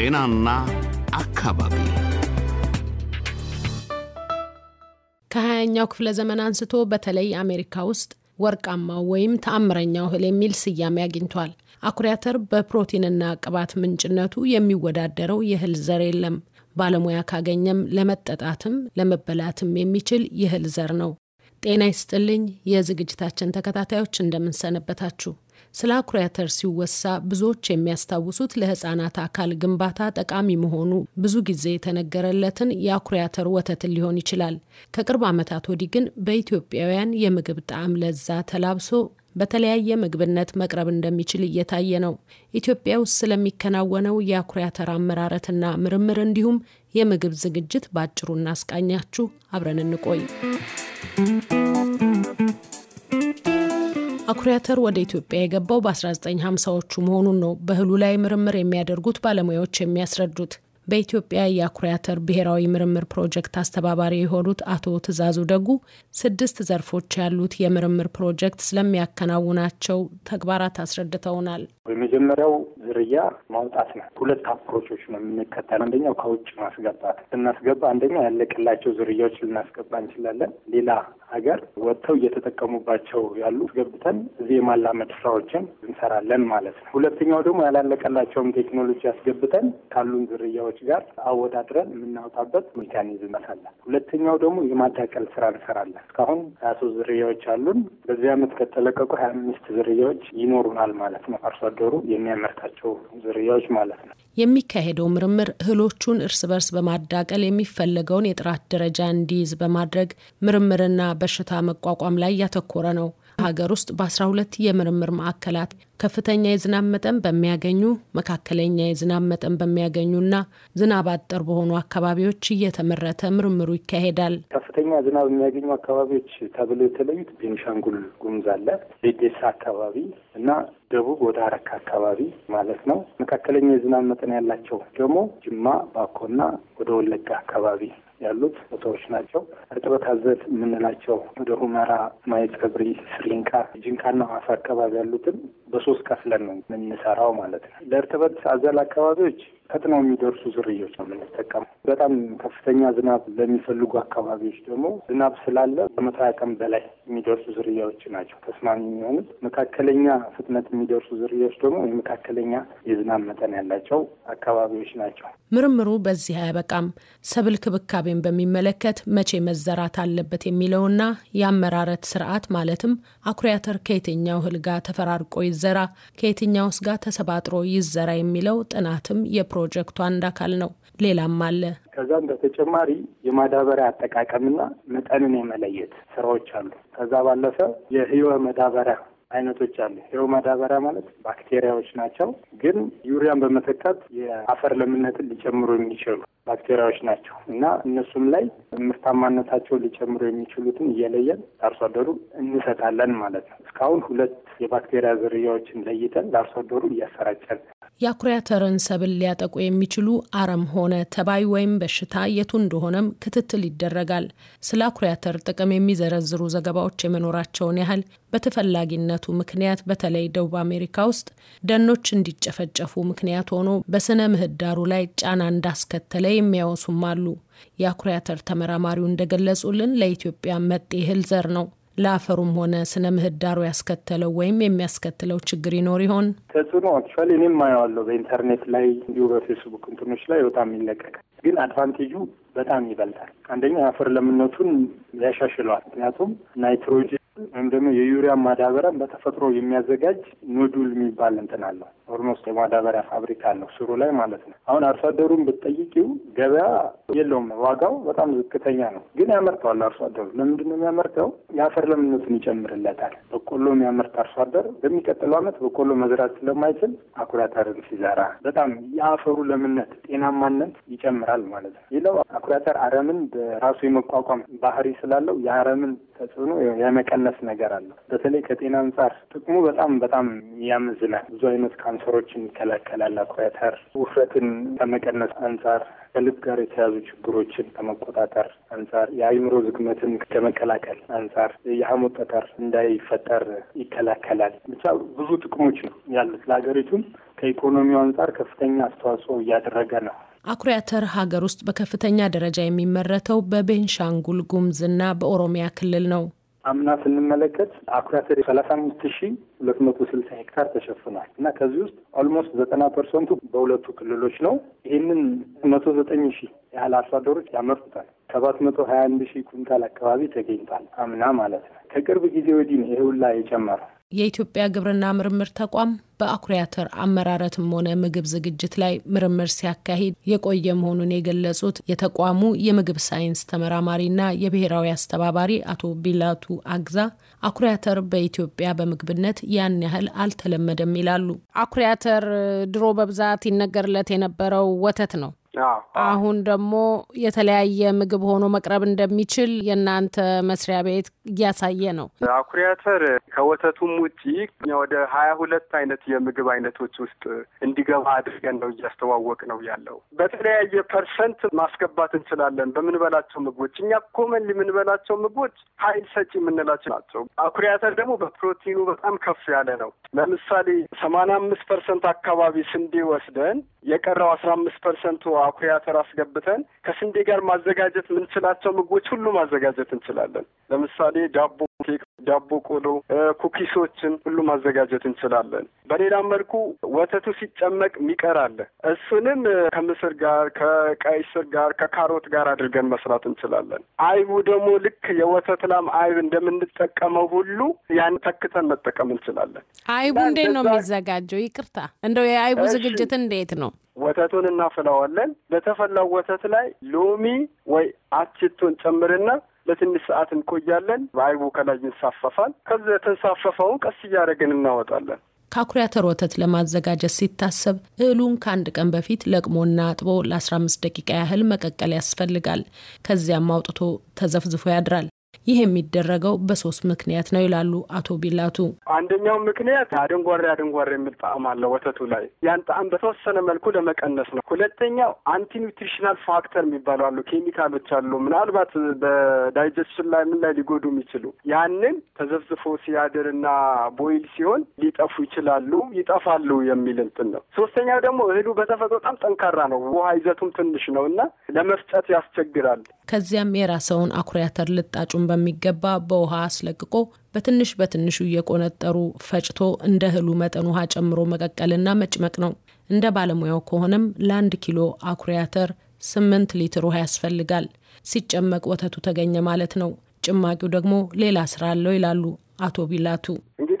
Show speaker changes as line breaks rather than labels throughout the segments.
ጤናና አካባቢ ከሀያኛው ክፍለ ዘመን አንስቶ በተለይ አሜሪካ ውስጥ ወርቃማው ወይም ተአምረኛው እህል የሚል ስያሜ አግኝቷል። አኩሪ አተር በፕሮቲንና ቅባት ምንጭነቱ የሚወዳደረው የእህል ዘር የለም። ባለሙያ ካገኘም ለመጠጣትም ለመበላትም የሚችል የእህል ዘር ነው። ጤና ይስጥልኝ የዝግጅታችን ተከታታዮች እንደምንሰነበታችሁ። ስለ አኩሪያተር ሲወሳ ብዙዎች የሚያስታውሱት ለህጻናት አካል ግንባታ ጠቃሚ መሆኑ ብዙ ጊዜ የተነገረለትን የአኩሪያተር ወተትን ሊሆን ይችላል። ከቅርብ ዓመታት ወዲህ ግን በኢትዮጵያውያን የምግብ ጣዕም ለዛ ተላብሶ በተለያየ ምግብነት መቅረብ እንደሚችል እየታየ ነው። ኢትዮጵያ ውስጥ ስለሚከናወነው የአኩሪያተር አመራረትና ምርምር እንዲሁም የምግብ ዝግጅት በአጭሩ እናስቃኛችሁ። አብረን እንቆይ። አኩሪ አተር ወደ ኢትዮጵያ የገባው በ1950ዎቹ መሆኑን ነው በእህሉ ላይ ምርምር የሚያደርጉት ባለሙያዎች የሚያስረዱት። በኢትዮጵያ የአኩሪ አተር ብሔራዊ ምርምር ፕሮጀክት አስተባባሪ የሆኑት አቶ ትእዛዙ ደጉ ስድስት ዘርፎች ያሉት የምርምር ፕሮጀክት ስለሚያከናውናቸው ተግባራት አስረድተውናል።
የመጀመሪያው ዝርያ ማውጣት ነው። ሁለት አፕሮቾች ነው የምንከተል። አንደኛው ከውጭ ማስገባት ስናስገባ፣ አንደኛ ያለቅላቸው ዝርያዎች ልናስገባ እንችላለን። ሌላ ሀገር ወጥተው እየተጠቀሙባቸው ያሉ አስገብተን እዚህ የማላመድ ስራዎችን እንሰራለን ማለት ነው። ሁለተኛው ደግሞ ያላለቀላቸውም ቴክኖሎጂ አስገብተን ካሉን ዝርያዎች ባለሙያዎች ጋር አወዳድረን የምናወጣበት ሜካኒዝም አለ። ሁለተኛው ደግሞ የማዳቀል ስራ እንሰራለን። እስካሁን ሀያ ሶስት ዝርያዎች አሉን። በዚህ አመት ከተለቀቁ ሀያ አምስት ዝርያዎች ይኖሩናል ማለት ነው። አርሶ አደሩ የሚያመርታቸው ዝርያዎች ማለት ነው።
የሚካሄደው ምርምር እህሎቹን እርስ በርስ በማዳቀል የሚፈለገውን የጥራት ደረጃ እንዲይዝ በማድረግ ምርምርና በሽታ መቋቋም ላይ ያተኮረ ነው። ሀገር ውስጥ በ12 የምርምር ማዕከላት ከፍተኛ የዝናብ መጠን በሚያገኙ መካከለኛ የዝናብ መጠን በሚያገኙና ዝናብ አጠር በሆኑ አካባቢዎች እየተመረተ ምርምሩ ይካሄዳል።
ከፍተኛ ዝናብ የሚያገኙ አካባቢዎች ተብሎ የተለዩት ቤንሻንጉል ጉሙዝ አለ፣ ቤዴሳ አካባቢ እና ደቡብ ወደ አረካ አካባቢ ማለት ነው። መካከለኛ የዝናብ መጠን ያላቸው ደግሞ ጅማ፣ ባኮና ወደ ወለጋ አካባቢ ያሉት ቦታዎች ናቸው። እርጥበት አዘል የምንላቸው ወደ ሁመራ፣ ማየት፣ ከብሪ፣ ስሪንቃ፣ ጅንካና ሐዋሳ አካባቢ ያሉትን በሶስት ከፍለን ነው የምንሰራው ማለት ነው። ለእርጥበት አዘል አካባቢዎች ፈጥነው የሚደርሱ ዝርዮች ነው የምንጠቀመው። በጣም ከፍተኛ ዝናብ ለሚፈልጉ አካባቢዎች ደግሞ ዝናብ ስላለ ከመቶ ቀን በላይ የሚደርሱ ዝርያዎች ናቸው ተስማሚ የሚሆኑት። መካከለኛ ፍጥነት የሚደርሱ ዝርያዎች ደግሞ የመካከለኛ የዝናብ መጠን ያላቸው አካባቢዎች ናቸው።
ምርምሩ በዚህ አያበቃም። ሰብል ክብካቤን በሚመለከት መቼ መዘራት አለበት የሚለውና የአመራረት ስርዓት ማለትም አኩሪ አተር ከየትኛው እህል ጋር ተፈራርቆ ይዘራ፣ ከየትኛውስ ጋር ተሰባጥሮ ይዘራ የሚለው ጥናትም የፕሮጀክቱ አንድ አካል ነው። ሌላም አለ።
ከዛም በተጨማሪ የማዳበሪያ አጠቃቀምና መጠንን የመለየት ስራዎች አሉ። ከዛ ባለፈ የህይወ መዳበሪያ አይነቶች አሉ። ይኸው ማዳበሪያ ማለት ባክቴሪያዎች ናቸው፣ ግን ዩሪያን በመተካት የአፈር ለምነትን ሊጨምሩ የሚችሉ ባክቴሪያዎች ናቸው እና እነሱም ላይ ምርታማነታቸው ሊጨምሩ የሚችሉትን እየለየን ለአርሶ አደሩ እንሰጣለን ማለት ነው። እስካሁን ሁለት የባክቴሪያ ዝርያዎችን ለይተን ለአርሶ አደሩ እያሰራጨን
የአኩሪ አተርን ሰብል ሊያጠቁ የሚችሉ አረም ሆነ ተባይ ወይም በሽታ የቱ እንደሆነም ክትትል ይደረጋል። ስለ አኩሪ አተር ጥቅም የሚዘረዝሩ ዘገባዎች የመኖራቸውን ያህል በተፈላጊነቱ ምክንያት በተለይ ደቡብ አሜሪካ ውስጥ ደኖች እንዲጨፈጨፉ ምክንያት ሆኖ በስነ ምህዳሩ ላይ ጫና እንዳስከተለ የሚያወሱም አሉ። የአኩሪ አተር ተመራማሪው እንደገለጹልን ለኢትዮጵያ መጤ እህል ዘር ነው። ለአፈሩም ሆነ ስነ ምህዳሩ ያስከተለው ወይም የሚያስከትለው ችግር ይኖር ይሆን?
ተጽዕኖ አክቹዋሊ እኔም ማየዋለሁ በኢንተርኔት ላይ እንዲሁ በፌስቡክ እንትኖች ላይ በጣም ይለቀቅ ግን አድቫንቴጁ በጣም ይበልጣል። አንደኛ የአፈር ለምነቱን ያሻሽለዋል። ምክንያቱም ናይትሮጅን ወይም ደግሞ የዩሪያ ማዳበሪያን በተፈጥሮ የሚያዘጋጅ ኖዱል የሚባል እንትን አለው ኦልሞስት የማዳበሪያ ፋብሪካ አለው ስሩ ላይ ማለት ነው። አሁን አርሶ አደሩን ብትጠይቂው ገበያ የለውም፣ ዋጋው በጣም ዝቅተኛ ነው። ግን ያመርተዋል አርሶ አደሩ። ለምንድን ነው የሚያመርተው? የአፈር ለምነቱን ይጨምርለታል። በቆሎ የሚያመርት አርሶ አደር በሚቀጥለው ዓመት በቆሎ መዝራት ስለማይችል አኩሪ አተርን ሲዘራ በጣም የአፈሩ ለምነት፣ ጤናማነት ይጨምራል ማለት ነው። ሌላው አኩሪ አተር አረምን በራሱ የመቋቋም ባህሪ ስላለው የአረምን ተጽዕኖ የመቀነስ ነገር አለው። በተለይ ከጤና አንጻር ጥቅሙ በጣም በጣም ያመዝናል። ብዙ አይነት ካንሰሮችን ይከላከላል። አኩሪ አተር ውፍረትን ከመቀነስ አንጻር ከልብ ጋር የተያዙ ችግሮችን ከመቆጣጠር አንጻር የአይምሮ ዝግመትን ከመከላከል አንጻር የሐሞት ጠጠር እንዳይፈጠር ይከላከላል። ብቻ ብዙ ጥቅሞች ነው ያሉት። ለሀገሪቱም ከኢኮኖሚው አንጻር ከፍተኛ አስተዋጽኦ እያደረገ ነው።
አኩሪ አተር ሀገር ውስጥ በከፍተኛ ደረጃ የሚመረተው በቤንሻንጉል ጉምዝና በኦሮሚያ ክልል ነው።
አምና ስንመለከት አኩሪ አተር ሰላሳ አምስት ሺ ሁለት መቶ ስልሳ ሄክታር ተሸፍኗል እና ከዚህ ውስጥ ኦልሞስት ዘጠና ፐርሰንቱ በሁለቱ ክልሎች ነው። ይህንን መቶ ዘጠኝ ሺ ያህል አርሶ አደሮች ያመርቱታል። ሰባት መቶ ሀያ አንድ ሺህ ኩንታል አካባቢ ተገኝቷል አምና ማለት ነው። ከቅርብ ጊዜ ወዲህ ነው ይሄ ሁላ የጨመረው።
የኢትዮጵያ ግብርና ምርምር ተቋም በአኩሪ አተር አመራረትም ሆነ ምግብ ዝግጅት ላይ ምርምር ሲያካሂድ የቆየ መሆኑን የገለጹት የተቋሙ የምግብ ሳይንስ ተመራማሪና የብሔራዊ አስተባባሪ አቶ ቢላቱ አግዛ አኩሪ አተር በኢትዮጵያ በምግብነት ያን ያህል አልተለመደም ይላሉ። አኩሪ አተር ድሮ በብዛት ይነገርለት የነበረው ወተት ነው። አሁን ደግሞ የተለያየ ምግብ ሆኖ መቅረብ እንደሚችል የእናንተ መስሪያ ቤት እያሳየ ነው።
አኩሪ አተር ከወተቱም ውጪ ወደ ሀያ ሁለት አይነት የምግብ አይነቶች ውስጥ እንዲገባ አድርገን ነው እያስተዋወቅ ነው ያለው። በተለያየ ፐርሰንት ማስገባት እንችላለን በምንበላቸው ምግቦች። እኛ ኮመንሊ የምንበላቸው ምግቦች ሀይል ሰጪ የምንላቸው ናቸው። አኩሪ አተር ደግሞ በፕሮቲኑ በጣም ከፍ ያለ ነው። ለምሳሌ ሰማንያ አምስት ፐርሰንት አካባቢ ስንዴ ወስደን የቀረው አስራ አምስት ፐርሰንቱ አኩሪ አተር አስገብተን ከስንዴ ጋር ማዘጋጀት የምንችላቸው ምግቦች ሁሉ ማዘጋጀት እንችላለን። ለምሳሌ ዳቦ ኬክ፣ ዳቦ ቆሎ፣ ኩኪሶችን ሁሉ ማዘጋጀት እንችላለን። በሌላም መልኩ ወተቱ ሲጨመቅ ሚቀር አለ። እሱንም ከምስር ጋር፣ ከቀይ ስር ጋር፣ ከካሮት ጋር አድርገን መስራት እንችላለን። አይቡ ደግሞ ልክ የወተት ላም አይብ እንደምንጠቀመው ሁሉ ያን ተክተን መጠቀም እንችላለን።
አይቡ እንዴት ነው የሚዘጋጀው? ይቅርታ እንደው የአይቡ ዝግጅት እንዴት ነው?
ወተቱን እናፈላዋለን። በተፈላው ወተት ላይ ሎሚ ወይ አችቱን ጨምርና ለትንሽ ሰዓት እንቆያለን። በአይቡ ከላይ ይንሳፈፋል። ከዚያ የተንሳፈፈውን ቀስ እያደረግን እናወጣለን።
ከአኩሪ አተር ወተት ለማዘጋጀት ሲታሰብ እህሉን ከአንድ ቀን በፊት ለቅሞና አጥቦ ለ15 ደቂቃ ያህል መቀቀል ያስፈልጋል። ከዚያም አውጥቶ ተዘፍዝፎ ያድራል። ይህ የሚደረገው በሶስት ምክንያት ነው ይላሉ አቶ ቢላቱ።
አንደኛው ምክንያት አድንጓሬ አድንጓሬ የሚል ጣዕም አለ ወተቱ ላይ። ያን ጣዕም በተወሰነ መልኩ ለመቀነስ ነው። ሁለተኛው አንቲኒውትሪሽናል ፋክተር የሚባሉ አሉ፣ ኬሚካሎች አሉ፣ ምናልባት በዳይጀስሽን ላይ ምን ላይ ሊጎዱ የሚችሉ ያንን ተዘፍዝፎ ሲያድርና ቦይል ሲሆን ሊጠፉ ይችላሉ፣ ይጠፋሉ የሚል እንትን ነው። ሶስተኛው ደግሞ እህሉ በተፈጥሮ በጣም ጠንካራ ነው፣ ውሃ ይዘቱም ትንሽ ነው እና ለመፍጨት ያስቸግራል።
ከዚያም የራሰውን አኩሪ አተር ልጣጩን በሚገባ በውሃ አስለቅቆ በትንሽ በትንሹ እየቆነጠሩ ፈጭቶ እንደ እህሉ መጠን ውሃ ጨምሮ መቀቀልና መጭመቅ ነው። እንደ ባለሙያው ከሆነም ለአንድ ኪሎ አኩሪ አተር ስምንት ሊትር ውሃ ያስፈልጋል። ሲጨመቅ ወተቱ ተገኘ ማለት ነው። ጭማቂው ደግሞ ሌላ ስራ አለው ይላሉ አቶ ቢላቱ።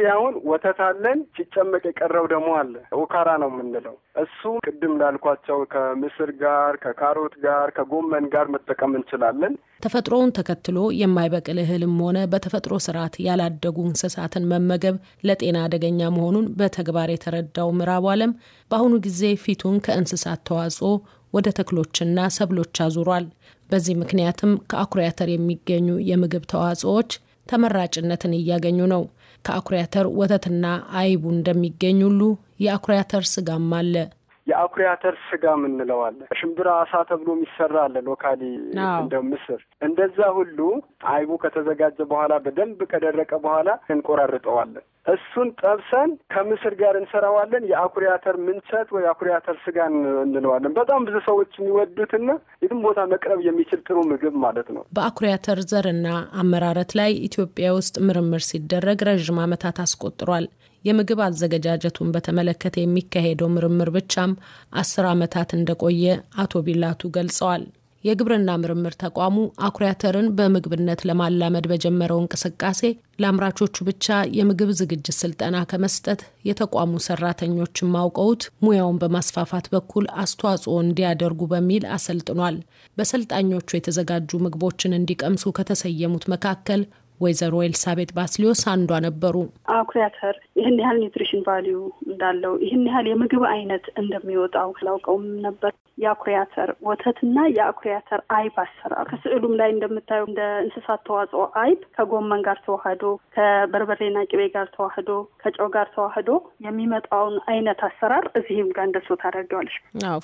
እንግዲህ አሁን ወተት አለን፣ ሲጨመቅ የቀረው ደግሞ አለ ውካራ ነው የምንለው። እሱ ቅድም ላልኳቸው ከምስር ጋር፣ ከካሮት ጋር፣ ከጎመን ጋር መጠቀም እንችላለን።
ተፈጥሮውን ተከትሎ የማይበቅል እህልም ሆነ በተፈጥሮ ስርዓት ያላደጉ እንስሳትን መመገብ ለጤና አደገኛ መሆኑን በተግባር የተረዳው ምዕራቡ ዓለም በአሁኑ ጊዜ ፊቱን ከእንስሳት ተዋጽኦ ወደ ተክሎችና ሰብሎች አዙሯል። በዚህ ምክንያትም ከአኩሪ አተር የሚገኙ የምግብ ተዋጽኦዎች ተመራጭነትን እያገኙ ነው። ከአኩሪ አተር ወተትና አይቡ እንደሚገኝ ሁሉ የአኩሪ አተር ስጋም አለ።
የአኩሪ አተር ስጋ የምንለው ሽምብራ አሳ ተብሎ የሚሰራ አለ ሎካሊ እንደ ምስር። እንደዛ ሁሉ አይቡ ከተዘጋጀ በኋላ በደንብ ከደረቀ በኋላ እንቆራርጠዋለን። እሱን ጠብሰን ከምስር ጋር እንሰራዋለን። የአኩሪ አተር ምንቸት ወይ አኩሪ አተር ስጋ እንለዋለን። በጣም ብዙ ሰዎች የሚወዱትና የትም ቦታ መቅረብ የሚችል ጥሩ ምግብ ማለት ነው።
በአኩሪ አተር ዘርና አመራረት ላይ ኢትዮጵያ ውስጥ ምርምር ሲደረግ ረዥም ዓመታት አስቆጥሯል። የምግብ አዘገጃጀቱን በተመለከተ የሚካሄደው ምርምር ብቻም አስር ዓመታት እንደቆየ አቶ ቢላቱ ገልጸዋል። የግብርና ምርምር ተቋሙ አኩሪ አተርን በምግብነት ለማላመድ በጀመረው እንቅስቃሴ ለአምራቾቹ ብቻ የምግብ ዝግጅት ስልጠና ከመስጠት የተቋሙ ሰራተኞችን ማውቀውት ሙያውን በማስፋፋት በኩል አስተዋጽኦ እንዲያደርጉ በሚል አሰልጥኗል። በሰልጣኞቹ የተዘጋጁ ምግቦችን እንዲቀምሱ ከተሰየሙት መካከል ወይዘሮ ኤልሳቤጥ ባስሊዮስ አንዷ ነበሩ። አኩሪ አተር ይህን ያህል ኒውትሪሽን ቫሊዩ እንዳለው ይህን ያህል የምግብ አይነት እንደሚወጣው ላውቀውም ነበር። የአኩሪ አተር ወተትና የአኩሪ አተር አይብ አሰራር ከስዕሉም ላይ እንደምታየው እንደ እንስሳት ተዋጽኦ አይብ ከጎመን ጋር ተዋህዶ ከበርበሬና ቅቤ ጋር ተዋህዶ ከጨው ጋር ተዋህዶ የሚመጣውን አይነት አሰራር እዚህም ጋር እንደሱ ታደርገዋለች።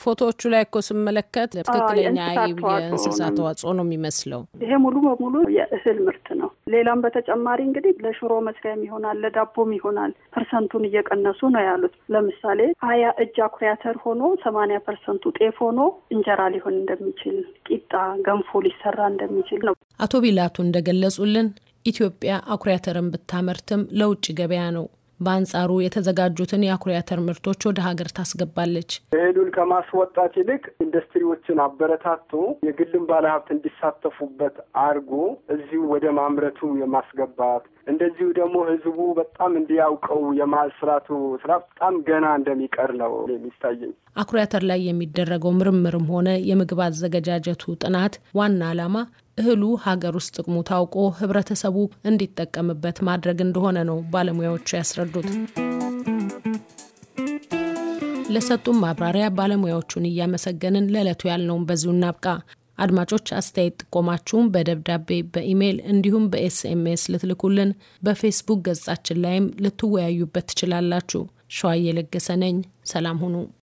ፎቶዎቹ ላይ እኮ ስመለከት ትክክለኛ አይብ የእንስሳት ተዋጽኦ ነው የሚመስለው። ይሄ ሙሉ በሙሉ የእህል ምርት ነው። ሌላም በተጨማሪ እንግዲህ ለሽሮ መስሪያም ይሆናል ለዳቦም ይሆናል ፐርሰንቱን እየቀነሱ ነው ያሉት። ለምሳሌ ሀያ እጅ አኩሪ አተር ሆኖ ሰማንያ ፐርሰንቱ ጤፍ ሆኖ እንጀራ ሊሆን እንደሚችል፣ ቂጣ ገንፎ ሊሰራ እንደሚችል ነው አቶ ቢላቱ እንደገለጹልን። ኢትዮጵያ አኩሪ አተርን ብታመርትም ለውጭ ገበያ ነው። በአንጻሩ የተዘጋጁትን የአኩሪ አተር ምርቶች ወደ ሀገር ታስገባለች።
እህሉን ከማስወጣት ይልቅ ኢንዱስትሪዎችን አበረታቶ የግልም ባለሀብት እንዲሳተፉበት አድርጎ እዚሁ ወደ ማምረቱ የማስገባት እንደዚሁ ደግሞ ህዝቡ በጣም እንዲያውቀው የማስራቱ ስራ በጣም ገና እንደሚቀር ነው የሚታየኝ።
አኩሪ አተር ላይ የሚደረገው ምርምርም ሆነ የምግብ አዘገጃጀቱ ጥናት ዋና ዓላማ እህሉ ሀገር ውስጥ ጥቅሙ ታውቆ ህብረተሰቡ እንዲጠቀምበት ማድረግ እንደሆነ ነው ባለሙያዎቹ ያስረዱት። ለሰጡን ማብራሪያ ባለሙያዎቹን እያመሰገንን ለዕለቱ ያልነውን በዚሁ እናብቃ። አድማጮች አስተያየት ጥቆማችሁም በደብዳቤ በኢሜይል እንዲሁም በኤስኤምኤስ ልትልኩልን፣ በፌስቡክ ገጻችን ላይም ልትወያዩበት ትችላላችሁ። ሸዋዬ ለገሰ ነኝ። ሰላም ሁኑ።